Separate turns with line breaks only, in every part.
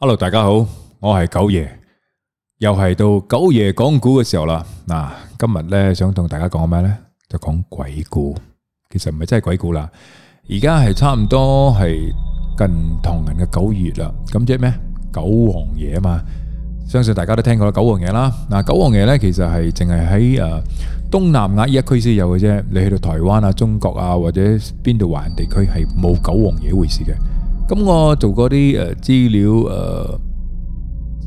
hello，大家好，我係九爺，又係到九爺講故嘅時候啦。嗱，今日咧想同大家講咩咧？就講鬼故，其實唔係真係鬼故啦。而家係差唔多係近唐人嘅九月啦。咁即係咩？九王爺啊嘛，相信大家都聽過啦，九王爺啦。嗱，九王爺咧其實係淨係喺誒東南亞依一區先有嘅啫。你去到台灣啊、中國啊或者邊度華人地區係冇九王爺回事嘅。咁我做嗰啲誒資料誒，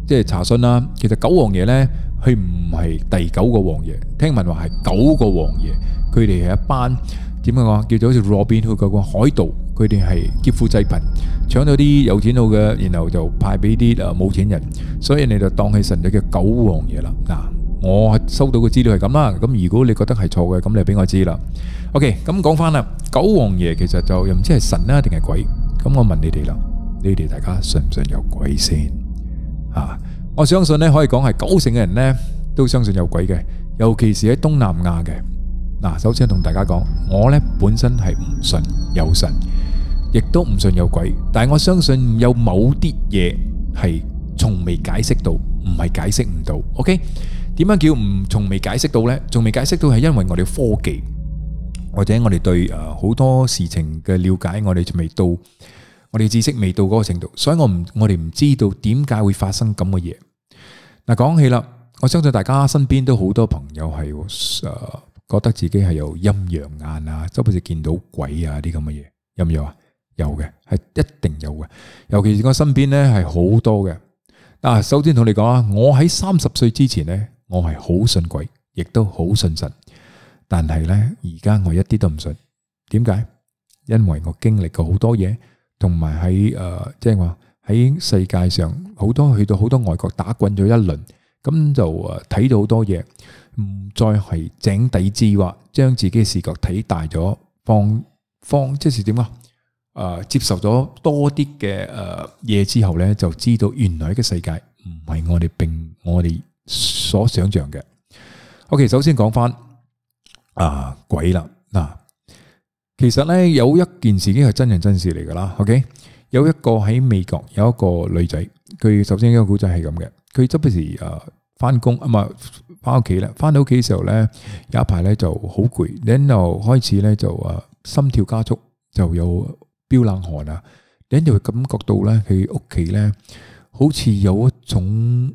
即係查詢啦。其實九王爺咧，佢唔係第九個王爺，聽聞話係九個王爺。佢哋係一班點樣講？叫做好似 Robin Hood 嘅海盜。佢哋係劫富濟貧，搶咗啲有錢佬嘅，然後就派俾啲誒冇錢人。所以你就當係神嘅叫九王爺啦。嗱，我收到嘅資料係咁啦。咁如果你覺得係錯嘅，咁你俾我知啦。OK，咁講翻啦。九王爺其實就又唔知係神呀，定係鬼？咁我問你哋啦，你哋大家信唔信有鬼先？啊，我相信咧，可以講係九成嘅人咧都相信有鬼嘅，尤其是喺東南亞嘅。嗱，首先同大家講，我咧本身係唔信有神，亦都唔信有鬼，但係我相信有某啲嘢係從未解釋到，唔係解釋唔到。OK，點樣叫唔從未解釋到咧？從未解釋到係因為我哋科技，或者我哋對誒好多事情嘅了解，我哋仲未到。我哋知識未到嗰個程度，所以我唔我哋唔知道點解會發生咁嘅嘢。嗱，講起啦，我相信大家身邊都好多朋友係誒，覺得自己係有陰陽眼啊，周不時見到鬼啊啲咁嘅嘢，有唔有啊？有嘅，係一定有嘅。尤其是我身邊咧係好多嘅。嗱，首先同你講啊，我喺三十歲之前咧，我係好信鬼，亦都好信神。但係咧，而家我一啲都唔信。點解？因為我經歷過好多嘢。同埋喺誒，即係話喺世界上好多去到好多外國打滾咗一輪，咁就誒睇到好多嘢，唔再係井底之蛙，將自己嘅視覺睇大咗，放放，即係點啊？誒，接受咗多啲嘅誒嘢之後咧，就知道原來嘅世界唔係我哋並我哋所想象嘅。OK，首先講翻啊鬼啦嗱。其實咧有一件事已經係真人真事嚟噶啦，OK？有一個喺美國有一個女仔，佢首先呢個故仔係咁嘅，佢即時誒翻工啊，唔係翻屋企啦，翻到屋企嘅時候咧有一排咧就好攰，然後開始咧就誒心跳加速，就有飆冷汗啊，然後會感覺到咧佢屋企咧好似有一種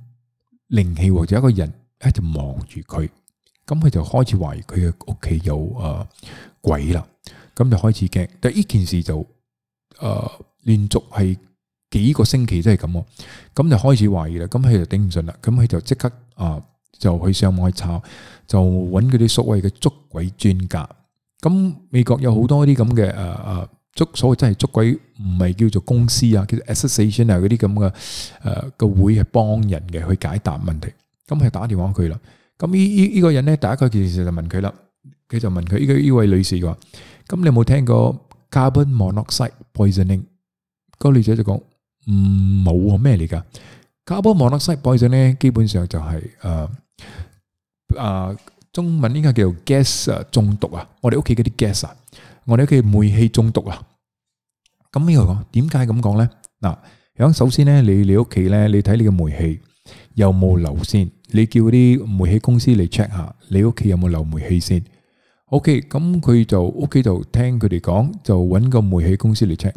靈氣或者一個人一直望住佢。咁佢就開始懷疑佢嘅屋企有誒鬼啦，咁就開始驚。但係呢件事就誒連續係幾個星期都係咁，咁就開始懷疑啦。咁佢就頂唔順啦，咁佢就即刻啊就去上網去查，就搵嗰啲所謂嘅捉鬼專家。咁美國有好多啲咁嘅誒誒捉所謂真係捉鬼，唔係叫做公司啊，其實 Association 啊嗰啲咁嘅誒個會係幫人嘅去解答問題。咁佢打電話畀佢啦。咁依依依個人咧，第一個件事就問佢啦，佢就問佢依個依位女士話：，咁你有冇聽過 carbon monoxide poisoning？個女仔就講：，唔冇啊，咩嚟噶？carbon monoxide poisoning 基本上就係誒誒，中文應該叫做 gas 啊中毒啊。我哋屋企嗰啲 gas 啊，我哋屋企煤氣中毒啊。咁呢個講點解咁講咧？嗱，響首先咧，你你屋企咧，你睇你嘅煤氣有冇漏先。你叫啲煤氣公司嚟 check 下，你屋企有冇漏煤氣先？OK，咁佢就屋企就聽佢哋講，就揾個煤氣公司嚟 check。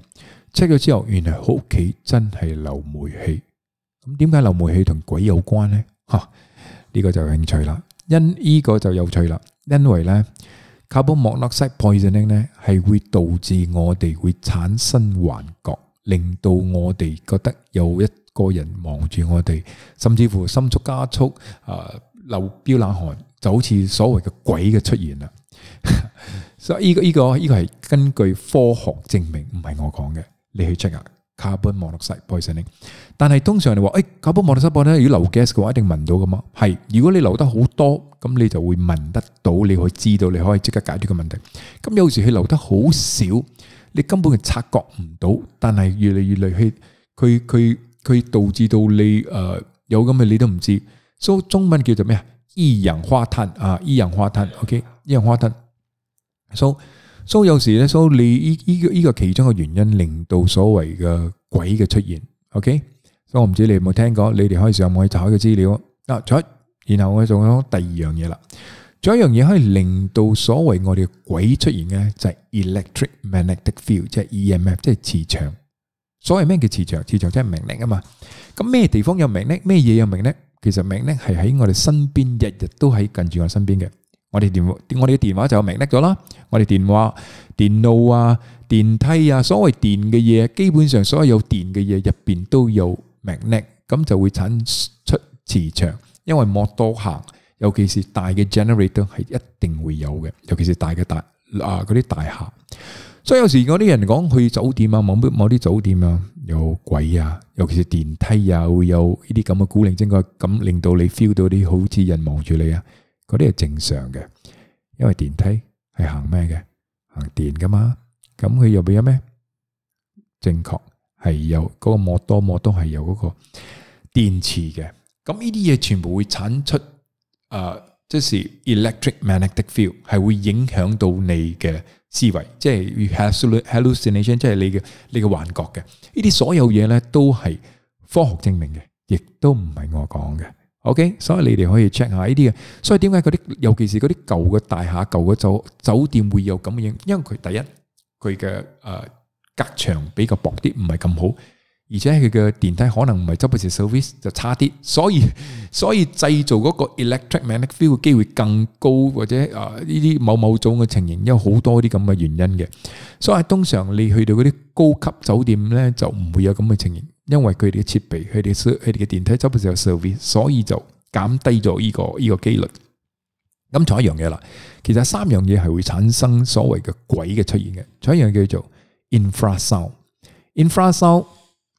check 咗之後，原來屋企真係漏煤氣。咁點解漏煤氣同鬼有關呢？嚇，呢個就興趣啦。因依個就有趣啦，因為咧，carbon monoxide poisoning 呢，係會導致我哋會產生幻覺，令到我哋覺得有一個人望住我哋，甚至乎心速加速，啊流飆冷汗，就好似所謂嘅鬼嘅出現啦。所以依個依個依個係根據科學證明，唔係我講嘅，你去 check 啊。Carbon monoxide poisoning，但係通常你話，誒，Carbon monoxide 呢？如果留 gas 嘅話，一定聞到噶嘛？係，如果你留得好多，咁你就會聞得到，你可以知道，你可以即刻解決個問題。咁有時佢留得好少，你根本係察覺唔到，但係越嚟越嚟去，佢佢。佢以導致到你誒、呃、有咁嘅你都唔知 s、so，中文叫做咩啊？一氧化碳啊，一氧化碳，OK，一氧化碳。so so 有時咧，so 你依依個依個其中嘅原因，令到所謂嘅鬼嘅出現，OK。所以我唔知你有冇聽過，你哋可以上網去查一個資料。嗱，再然後我仲講第二樣嘢啦，仲有一樣嘢可以令到所謂我哋嘅鬼出現嘅，就係 Electric Magnetic Field，即係 EMF，即係磁場。所謂咩叫磁場？磁場即係磁力啊嘛。咁咩地方有磁力呢？咩嘢有磁力呢？其實磁力呢係喺我哋身邊，日日都喺近住我身邊嘅。我哋電我哋嘅電話就有磁力咗啦。我哋電話、電腦啊、電梯啊，所謂電嘅嘢，基本上所有有電嘅嘢入邊都有磁力，咁就會產出磁場。因為摩打行，尤其是大嘅 generator 係一定會有嘅，尤其是大嘅大啊嗰啲大廈。所以有時嗰啲人講去酒店啊，某啲某啲酒店啊，有鬼啊，尤其是電梯啊，會有呢啲咁嘅古靈精怪，咁令到你 feel 到你好似人望住你啊，嗰啲係正常嘅，因為電梯係行咩嘅？行電噶嘛，咁佢入邊有咩？正確係有嗰個摩多摩多係有嗰個電池嘅，咁呢啲嘢全部會產出，誒，即是 electric magnetic field，係會影響到你嘅。思維即係 hallucination，即係你嘅你嘅幻覺嘅。呢啲所有嘢咧，都係科學證明嘅，亦都唔係我講嘅。OK，所以你哋可以 check 下呢啲嘅。所以點解嗰啲，尤其是嗰啲舊嘅大廈、舊嘅酒酒店會有咁嘅嘢？因為佢第一，佢嘅誒隔牆比較薄啲，唔係咁好。而且佢嘅電梯可能唔係周不時 service，就差啲，所以所以製造嗰個 electric magnetic field 嘅機會更高，或者誒呢啲某某種嘅情形，有好多啲咁嘅原因嘅。所以通常你去到嗰啲高級酒店咧，就唔會有咁嘅情形，因為佢哋嘅設備，佢哋佢哋嘅電梯周不時有 service，所以就減低咗呢個呢個幾率。咁仲有一樣嘢啦，其實三樣嘢係會產生所謂嘅鬼嘅出現嘅。仲有一樣叫做 infrasound infrasound。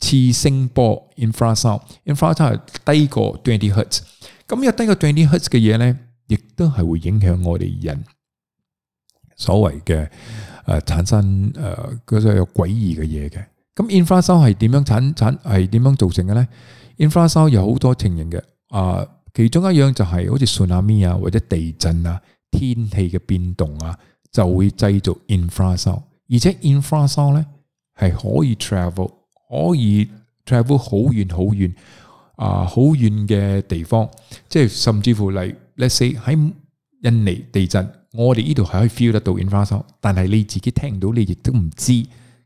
次聲波 infrasound，infrasound 係低過 twenty hertz 咁若低過 twenty hertz 嘅嘢咧，亦都係會影響我哋人所謂嘅誒、呃、產生誒嗰種有詭異嘅嘢嘅。咁 infrasound 係點樣產產係點樣造成嘅咧？infrasound 有好多情形嘅，啊、呃，其中一樣就係好似馴下咩啊或者地震啊、天氣嘅變動啊，就會製造 infrasound，而且 infrasound 咧係可以 travel。可以 travel 好遠好遠啊，好、呃、好遠嘅地方，即係甚至乎，例如 let's say 喺印尼地震，我哋呢度係可以 feel 得到 infrasound 但係你自己聽到你亦都唔知，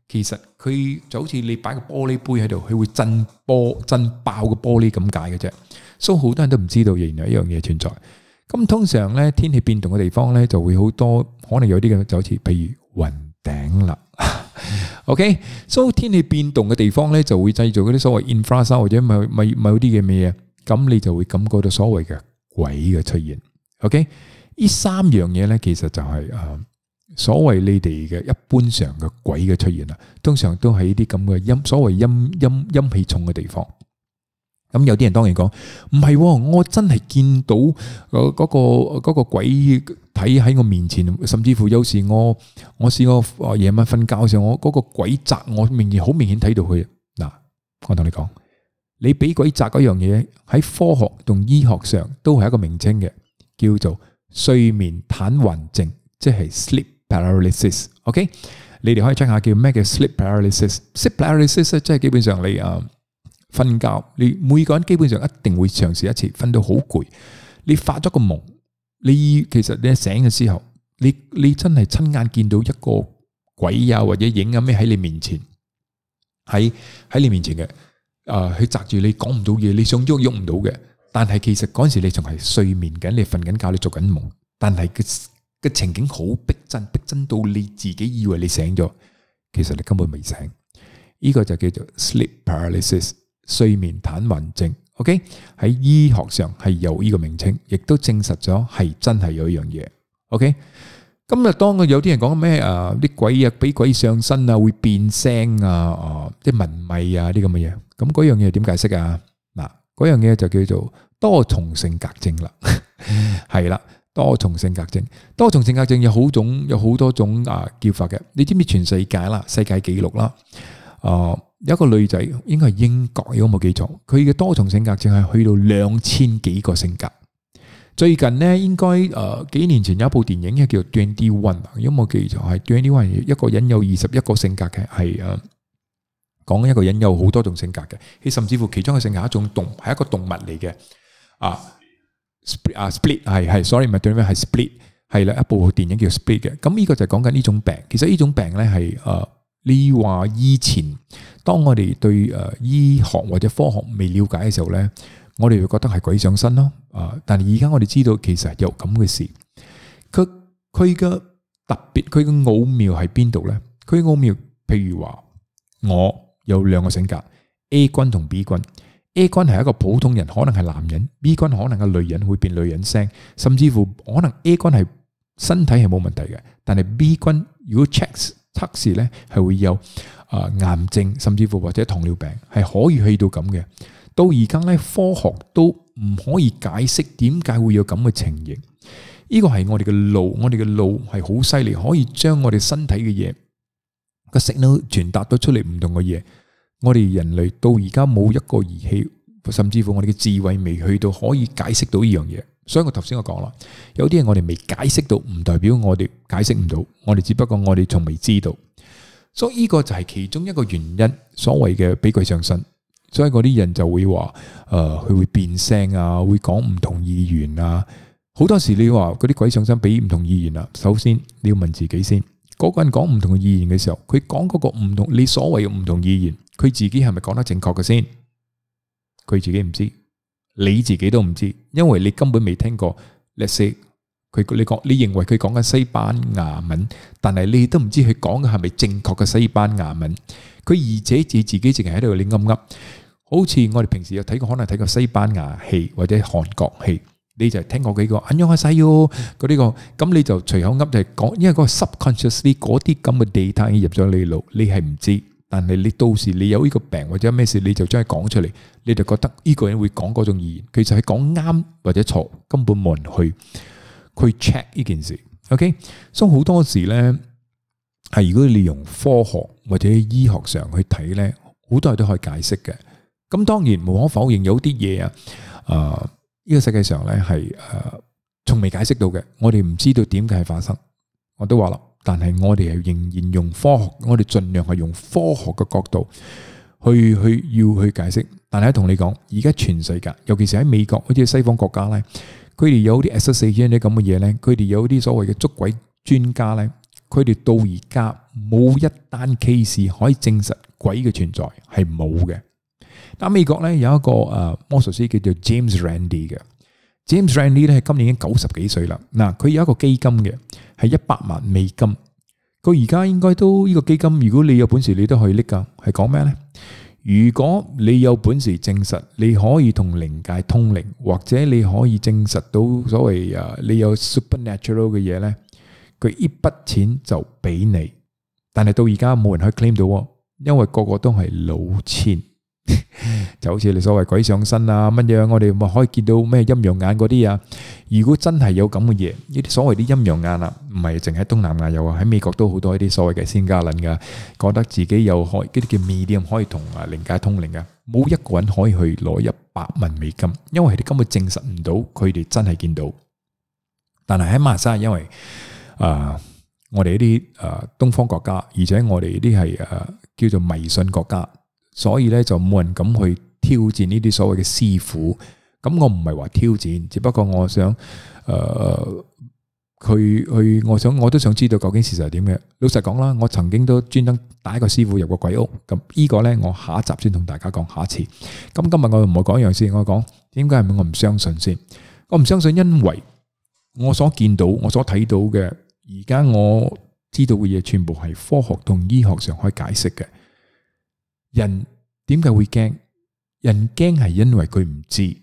其實佢就好似你擺個玻璃杯喺度，佢會震波震爆個玻璃咁解嘅啫，所以好多人都唔知道原來一樣嘢存在。咁通常咧天氣變動嘅地方咧，就會好多可能有啲嘅就好似，譬如雲頂啦。 OK，所以天氣變動嘅地方咧，就會製造嗰啲所謂 infrasound 或者某某某啲嘅咩嘢，咁你就會感覺到所謂嘅鬼嘅出現。OK，呢三樣嘢咧，其實就係誒所謂你哋嘅一般上嘅鬼嘅出現啦，通常都喺啲咁嘅陰，所謂陰陰陰氣重嘅地方。咁有啲人，當然講，唔係，我真係見到嗰嗰個嗰個鬼體喺我面前，甚至乎有時我我試過夜晚瞓覺嘅時候，我嗰個鬼擲我，明顯好明顯睇到佢。嗱，我同你講，你俾鬼擲嗰樣嘢喺科學同醫學上都係一個名稱嘅，叫做睡眠癱瘓症，即係 sleep paralysis。OK，你哋可以 check 下叫咩叫 sleep paralysis。sleep paralysis 即係基本上你啊。瞓覺，你每個人基本上一定會嘗試一次，瞓到好攰。你發咗個夢，你其實你醒嘅時候，你你真係親眼見到一個鬼啊，或者影啊咩喺你面前，喺喺你面前嘅，啊佢窒住你，講唔到嘢，你想喐喐唔到嘅。但係其實嗰時你仲係睡眠緊，你瞓緊覺，你做緊夢。但係個個情景好逼真，逼真到你自己以為你醒咗，其實你根本未醒。呢個就叫做 sleep paralysis。睡眠癱瘓症，OK 喺醫學上係有呢個名稱，亦都證實咗係真係有一樣嘢，OK。今日當有啲人講咩啊，啲鬼啊俾鬼上身啊，會變聲啊，哦，即係文藝啊啲咁嘅嘢，咁嗰樣嘢點解釋啊？嗱，嗰樣嘢就叫做多重性格症啦，係啦，多重性格症，多重性格症有好種，有好多種啊叫法嘅。你知唔知全世界啦，世界紀錄啦，哦。有一個女仔，應該係英國，如果冇記錯，佢嘅多重性格淨係去到兩千幾個性格。最近咧，應該誒幾年前有一部電影係叫《Twenty One》，如果冇記錯係《Twenty One》，一個人有二十一個性格嘅係啊，講一個人有好多種性格嘅，甚至乎其中嘅性格係一種動係一個動物嚟嘅啊，split 啊，split 係係，sorry 唔係 twenty one 係 split 係啦，一部電影叫 split 嘅。咁呢個就係講緊呢種病，其實呢種病咧係誒。你話以前當我哋對誒醫學或者科學未瞭解嘅時候咧，我哋會覺得係鬼上身咯。啊！但係而家我哋知道其實有咁嘅事。佢佢嘅特別，佢嘅奧妙喺邊度咧？佢嘅奧妙譬如話，我有兩個性格 A 君同 B 君。A 君係一個普通人，可能係男人；B 君可能係女人會變女人聲，甚至乎可能 A 君係身體係冇問題嘅，但係 B 君如果 checks。測試咧係會有啊癌症，甚至乎或者糖尿病，係可以去到咁嘅。到而家咧，科學都唔可以解釋點解會有咁嘅情形。呢個係我哋嘅腦，我哋嘅腦係好犀利，可以將我哋身體嘅嘢個信號傳達到出嚟唔同嘅嘢。我哋人類到而家冇一個儀器，甚至乎我哋嘅智慧未去到可以解釋到呢樣嘢。所以我頭先我講啦，有啲嘢我哋未解釋到，唔代表我哋解釋唔到，我哋只不過我哋仲未知道。所以呢個就係其中一個原因，所謂嘅俾鬼上身，所以嗰啲人就會話，誒、呃，佢會變聲啊，會講唔同語言啊。好多時你話嗰啲鬼上身俾唔同語言啊，首先你要問自己先，嗰、那個人講唔同嘅語言嘅時候，佢講嗰個唔同，你所謂嘅唔同語言，佢自己係咪講得正確嘅先？佢自己唔知。你自己都唔知，因為你根本未聽過 let's say。佢你講你認為佢講緊西班牙文，但係你都唔知佢講嘅係咪正確嘅西班牙文。佢而且自己自己淨係喺度亂噏噏，好似我哋平時有睇過可能睇過西班牙戲或者韓國戲，你就聽過幾個、mm hmm. 啊樣嘅西喲嗰啲個，咁你就隨口噏就係、是、講，因為個 subconsciously 嗰啲咁嘅 data 入咗你腦，你係唔知。但係你到時你有呢個病或者咩事，你就將佢講出嚟，你就覺得呢個人會講嗰種語言。其實係講啱或者錯，根本冇人去去 check 呢件事。OK，所以好多時咧，係如果你用科學或者醫學上去睇咧，好多人都可以解釋嘅。咁當然無可否認，有啲嘢啊，誒，呢個世界上咧係誒，從未解釋到嘅，我哋唔知道點解係發生。我都話啦。但係我哋係仍然用科學，我哋盡量係用科學嘅角度去去要去解釋。但係同你講，而家全世界，尤其是喺美國，好似西方國家咧，佢哋有啲 S 四千啲咁嘅嘢咧，佢哋有啲所謂嘅捉鬼專家咧，佢哋到而家冇一單 case 可以證實鬼嘅存在係冇嘅。但美國咧有一個誒、呃、魔術師叫做 James Randi 嘅，James Randi 咧係今年已經九十幾歲啦。嗱、呃，佢有一個基金嘅。.係一百萬美金，佢而家應該都呢、這個基金，如果你有本事，你都可以拎噶。係講咩呢？如果你有本事證實，你可以同靈界通靈，或者你可以證實到所謂誒，你有 supernatural 嘅嘢呢，佢一筆錢就畀你。但係到而家冇人可以 claim 到，因為個個都係老千。 就好似你所謂鬼上身啊，乜嘢？我哋咪可以見到咩陰陽眼嗰啲啊？如果真係有咁嘅嘢，呢啲所謂啲陰陽眼啊，唔係淨喺東南亞有啊，喺美國都好多呢啲所謂嘅仙家論噶，覺得自己有開嗰啲叫 Medium 可以同啊靈界通靈嘅，冇一個人可以去攞一百萬美金，因為佢哋根本證實唔到佢哋真係見到。但係喺馬莎，因為誒、呃、我哋呢啲誒東方國家，而且我哋呢啲係誒叫做迷信國家。所以咧，就冇人敢去挑戰呢啲所謂嘅師傅。咁我唔係話挑戰，只不過我想，誒、呃，佢去，去我想我都想知道究竟事實係點嘅。老實講啦，我曾經都專登帶一個師傅入過鬼屋。咁呢個呢，我下一集先同大家講。下次。咁今日我唔係講一樣先，我講點解係咪我唔相信先？我唔相信，因為我所見到，我所睇到嘅，而家我知道嘅嘢，全部係科學同醫學上可以解釋嘅。人點解會驚？人驚係因為佢唔知。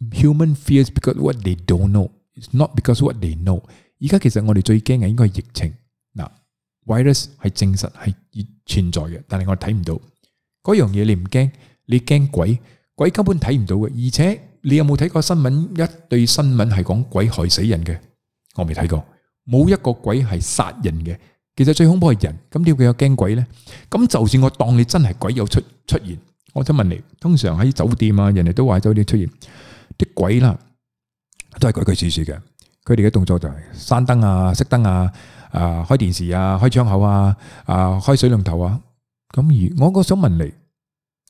Human fears because what they don't know. It's not because what they know. 而家其實我哋最驚嘅應該係疫情。嗱，virus 係證實係存在嘅，但係我睇唔到。嗰樣嘢你唔驚，你驚鬼。鬼根本睇唔到嘅。而且你有冇睇過新聞？一對新聞係講鬼害死人嘅。我未睇過，冇一個鬼係殺人嘅。其實最恐怖係人，咁點解有驚鬼咧？咁就算我當你真係鬼有出出現，我想問你，通常喺酒店啊，人哋都話酒店出現啲鬼啦，啊，都係鬼鬼祟祟嘅。佢哋嘅動作就係閂燈啊、熄燈啊、啊、呃、開電視啊、開窗口啊、啊、呃、開水龍頭啊。咁而我我想問你，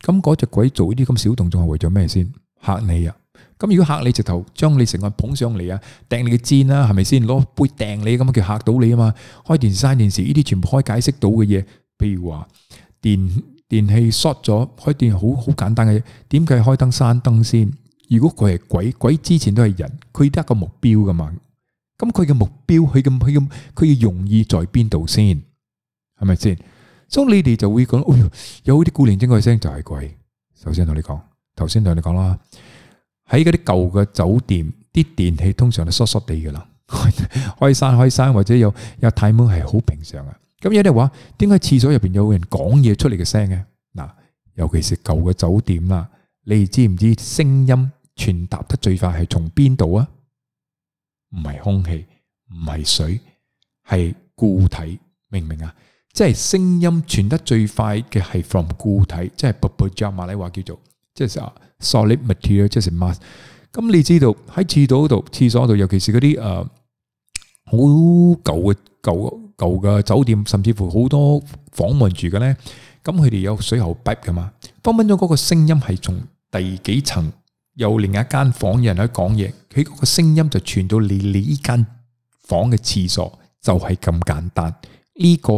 咁嗰隻鬼做呢啲咁小動作係爲咗咩先？吓你啊！咁如果嚇你直頭將你成個捧上嚟啊，掟你嘅箭啦，係咪先攞杯掟你咁叫嚇到你啊嘛？開電閂電視，呢啲全部可以解釋到嘅嘢，譬如話電電器 short 咗，開電好好簡單嘅，點解開燈閂燈先？如果佢係鬼，鬼之前都係人，佢得個目標噶嘛？咁佢嘅目標，佢咁佢咁，佢嘅用意在邊度先？係咪先？所以你哋就會講，有啲古靈精怪嘅聲就係鬼。首先同你講，頭先同你講啦。喺嗰啲舊嘅酒店，啲電器通常都濕濕地噶啦，開開閂開閂或者有有閂門係好平常啊。咁有啲話，點解廁所入邊有人講嘢出嚟嘅聲呢？嗱，尤其是舊嘅酒店啦，你哋知唔知聲音傳達得最快係從邊度啊？唔係空氣，唔係水，係固體。明唔明啊？即係聲音傳得最快嘅係 from 固體，即係布布椒馬來話叫做。即係啊，solid material，即係 mass。咁你知道喺廁所度，廁所度，尤其是嗰啲誒好舊嘅舊舊嘅酒店，甚至乎好多房門住嘅咧，咁佢哋有水喉閉噶嘛？分分鐘嗰個聲音係從第幾層有另一間房間，有人喺講嘢，佢嗰個聲音就傳到你你呢間房嘅廁所，就係咁簡單。呢個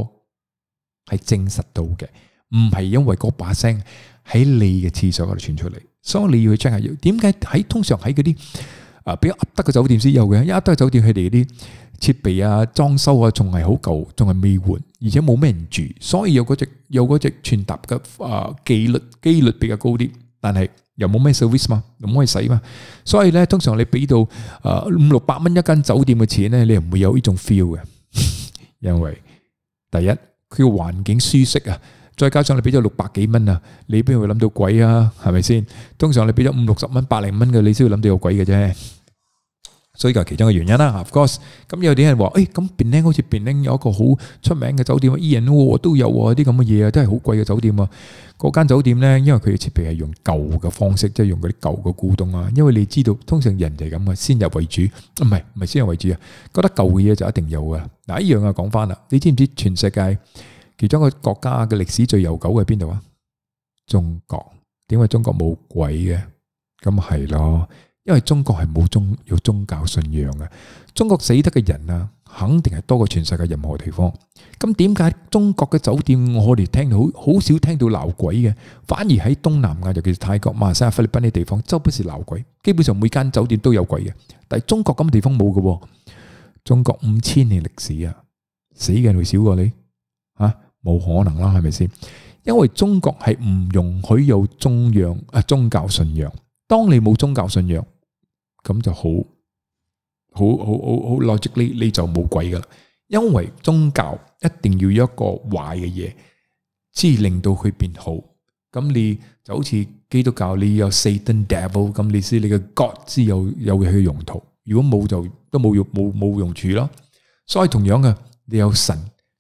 係證實到嘅，唔係因為嗰把聲。喺你嘅廁所嗰度傳出嚟，所以你要去 check 下，要點解喺通常喺嗰啲啊比較噏得嘅酒店先有嘅，一噏得酒店佢哋嗰啲設備啊、裝修啊，仲係好舊，仲係未換，而且冇咩人住，所以有嗰隻有嗰隻傳達嘅啊機率機率比較高啲，但係又冇咩 service 嘛，又唔可以使嘛，所以咧通常你俾到啊五六百蚊一間酒店嘅錢咧，你唔會有呢種 feel 嘅，因為第一佢環境舒適啊。再加上你俾咗六百幾蚊啊，你邊會諗到鬼啊？係咪先？通常你俾咗五六十蚊、百零蚊嘅，你先會諗到有鬼嘅啫。所以就係其中嘅原因啦。Of course，咁有啲人話，誒，咁別拎好似別拎有一個好出名嘅酒店，伊人喎都有喎啲咁嘅嘢啊，都係好貴嘅酒店啊。嗰間酒店咧，因為佢嘅設備係用舊嘅方式，即係用嗰啲舊嘅古董啊。因為你知道，通常人哋咁嘅先入為主，唔係唔係先入為主啊？覺得舊嘅嘢就一定有啊。嗱一樣啊，講翻啦，你知唔知全世界？其中一個國家嘅歷史最悠久係邊度啊？中國，點解中國冇鬼嘅？咁係咯，因為中國係冇宗有宗教信仰嘅。中國死得嘅人啊，肯定係多過全世界任何地方。咁點解中國嘅酒店我哋聽到好少聽到鬧鬼嘅，反而喺東南亞，尤其是泰國、馬來西亞、菲律賓啲地方，周不時鬧鬼，基本上每間酒店都有鬼嘅。但係中國咁嘅地方冇嘅，中國五千年歷史啊，死嘅人會少過你啊！冇可能啦，係咪先？因為中國係唔容許有宗教啊，宗教信仰。當你冇宗教信仰，咁就好好好好好 logic 呢？你就冇鬼噶啦。因為宗教一定要有一個壞嘅嘢，先令到佢變好。咁你就好似基督教，你有 Satan、devil，咁你先你嘅 God 先有有佢嘅用途。如果冇就都冇用，冇冇用處咯。所以同樣嘅，你有神。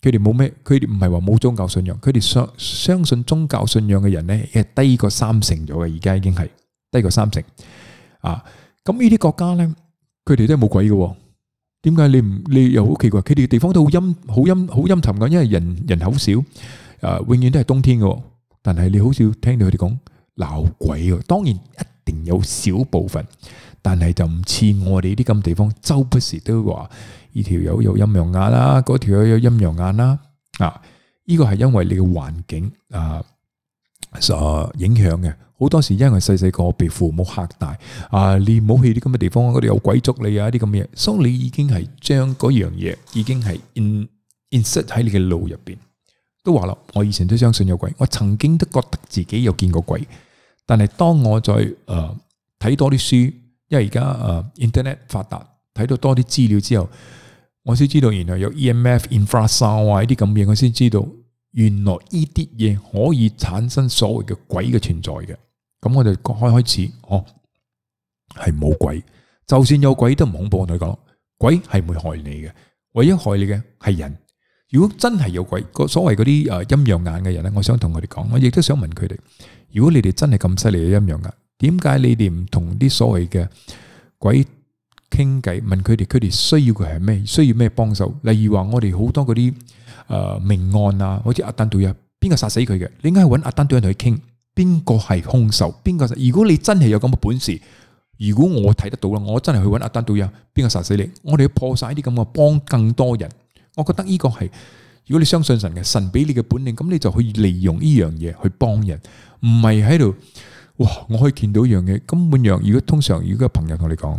佢哋冇咩，佢哋唔係話冇宗教信仰，佢哋相相信宗教信仰嘅人咧，係低過三成咗嘅，而家已經係低過三成。啊，咁呢啲國家咧，佢哋都係冇鬼嘅。點解你唔你又好奇怪？佢哋地方都好陰，好陰，好陰沉嘅，因為人人口少，誒，永遠都係冬天嘅。但係你好少聽到佢哋講鬧鬼嘅，當然一定有少部分，但係就唔似我哋呢啲咁地方，周不時都話。呢條友有陰陽眼啦，嗰條友有陰陽眼啦。啊，呢個係因為你嘅環境啊，所影響嘅。好多時因為細細個被父母嚇大啊，你唔好去啲咁嘅地方，嗰度有鬼捉你啊！啲咁嘅嘢，所以你已經係將嗰樣嘢已經係 in insert 喺你嘅腦入邊。都話啦，我以前都相信有鬼，我曾經都覺得自己有見過鬼。但係當我再誒睇多啲書，因為而家誒 internet 發達。睇到多啲資料之後，我先知道原來有 EMF、infrasound 啊，呢啲咁嘢，我先知道原來呢啲嘢可以產生所謂嘅鬼嘅存在嘅。咁我哋開開始，哦，係冇鬼，就算有鬼都唔恐怖。我同你講，鬼係唔會害你嘅，唯一害你嘅係人。如果真係有鬼，個所謂嗰啲誒陰陽眼嘅人咧，我想同佢哋講，我亦都想問佢哋，如果你哋真係咁犀利嘅陰陽眼，點解你哋唔同啲所謂嘅鬼傾偈，問佢哋，佢哋需要嘅係咩？需要咩幫手？例如話我哋好多嗰啲誒命案啊，好似阿丹杜亞邊個殺死佢嘅？你應該去搵阿丹杜亞同佢傾？邊個係兇手？邊個？如果你真係有咁嘅本事，如果我睇得到啦，我真係去搵阿丹杜亞，邊個殺死你？我哋要破晒啲咁嘅，幫更多人。我覺得呢個係如果你相信神嘅神俾你嘅本領，咁你就可以利用呢樣嘢去幫人，唔係喺度哇！我可以見到一樣嘢，根本樣。如果通常如果有朋友同你講。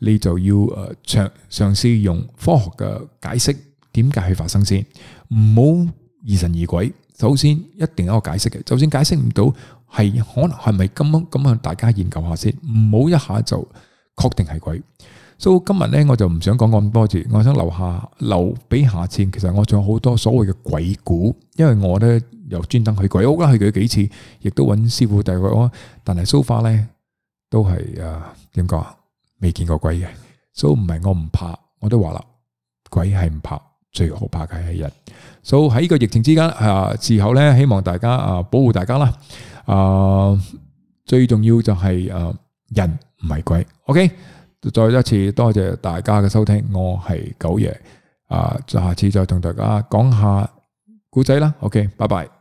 你就要誒嘗嘗試用科學嘅解釋點解去發生先，唔好疑神疑鬼。首先一定有個解釋嘅，就算解釋唔到，係可能係咪咁樣咁樣？大家研究下先，唔好一下就確定係鬼。所以今日咧，我就唔想講咁多字，我想留下留俾下次。其實我仲有好多所謂嘅鬼故，因為我咧又專登去鬼屋啦，去咗幾次，亦都揾師傅第二個。但係 so far 咧都係誒點講？未見過鬼嘅，所以唔係我唔怕，我都話啦，鬼係唔怕，最好怕嘅係人。所以喺呢個疫情之間啊、呃，事後咧，希望大家啊、呃、保護大家啦。啊、呃，最重要就係、是、誒、呃、人唔係鬼。OK，再一次多謝大家嘅收聽，我係九爺啊、呃，下次再同大家講下古仔啦。OK，拜拜。